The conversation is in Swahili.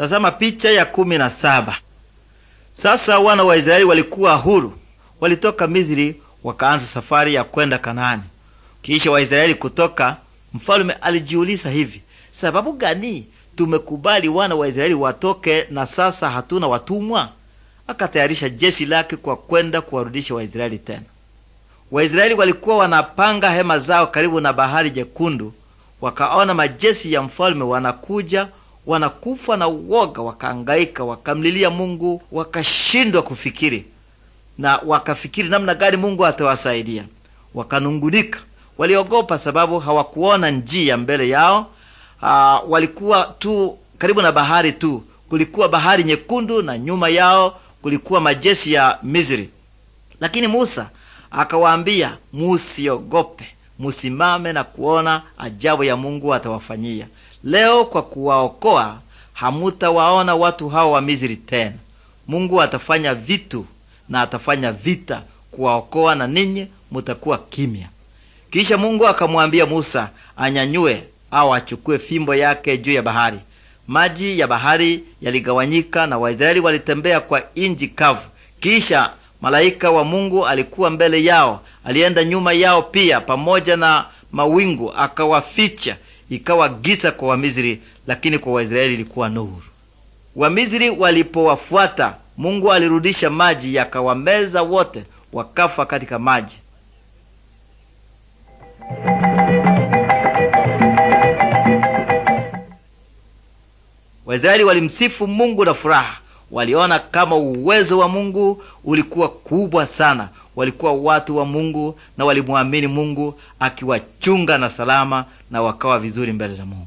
Tazama picha ya kumi na saba. Sasa wana wa Israeli walikuwa huru, walitoka Misri wakaanza safari ya kwenda Kanaani. Kisha Waisraeli kutoka, mfalume alijiuliza hivi, sababu gani tumekubali wana wa Israeli watoke na sasa hatuna watumwa? Akatayarisha jeshi lake kwa kwenda kuwarudisha Waisraeli tena. Waisraeli walikuwa wanapanga hema zao karibu na bahari Jekundu, wakaona majeshi ya mfalume wanakuja wanakufa na uoga, wakaangaika, wakamlilia Mungu, wakashindwa kufikiri na wakafikiri namna gani Mungu atawasaidia. Wakanungunika, waliogopa sababu hawakuona njia mbele yao. Aa, ah, walikuwa tu karibu na bahari tu, kulikuwa bahari nyekundu na nyuma yao kulikuwa majeshi ya Misri. Lakini Musa akawaambia, musiogope, musimame na kuona ajabu ya Mungu atawafanyia leo kwa kuwaokoa. Hamutawaona watu hao wa Misri tena. Mungu atafanya vitu na atafanya vita kuwaokoa, na ninyi mutakuwa kimya. Kisha Mungu akamwambia Musa anyanyue au achukue fimbo yake juu ya bahari. Maji ya bahari yaligawanyika na Waisraeli walitembea kwa inji kavu. Kisha malaika wa Mungu alikuwa mbele yao, alienda nyuma yao pia pamoja na mawingu akawaficha, ikawa giza kwa Wamisri, lakini kwa Waisraeli ilikuwa nuru. Wamisri walipowafuata, Mungu alirudisha maji yakawameza wote, wakafa katika maji. Waisraeli walimsifu Mungu na furaha. Waliona kama uwezo wa Mungu ulikuwa kubwa sana walikuwa watu wa Mungu na walimwamini Mungu, akiwachunga na salama, na wakawa vizuri mbele za Mungu.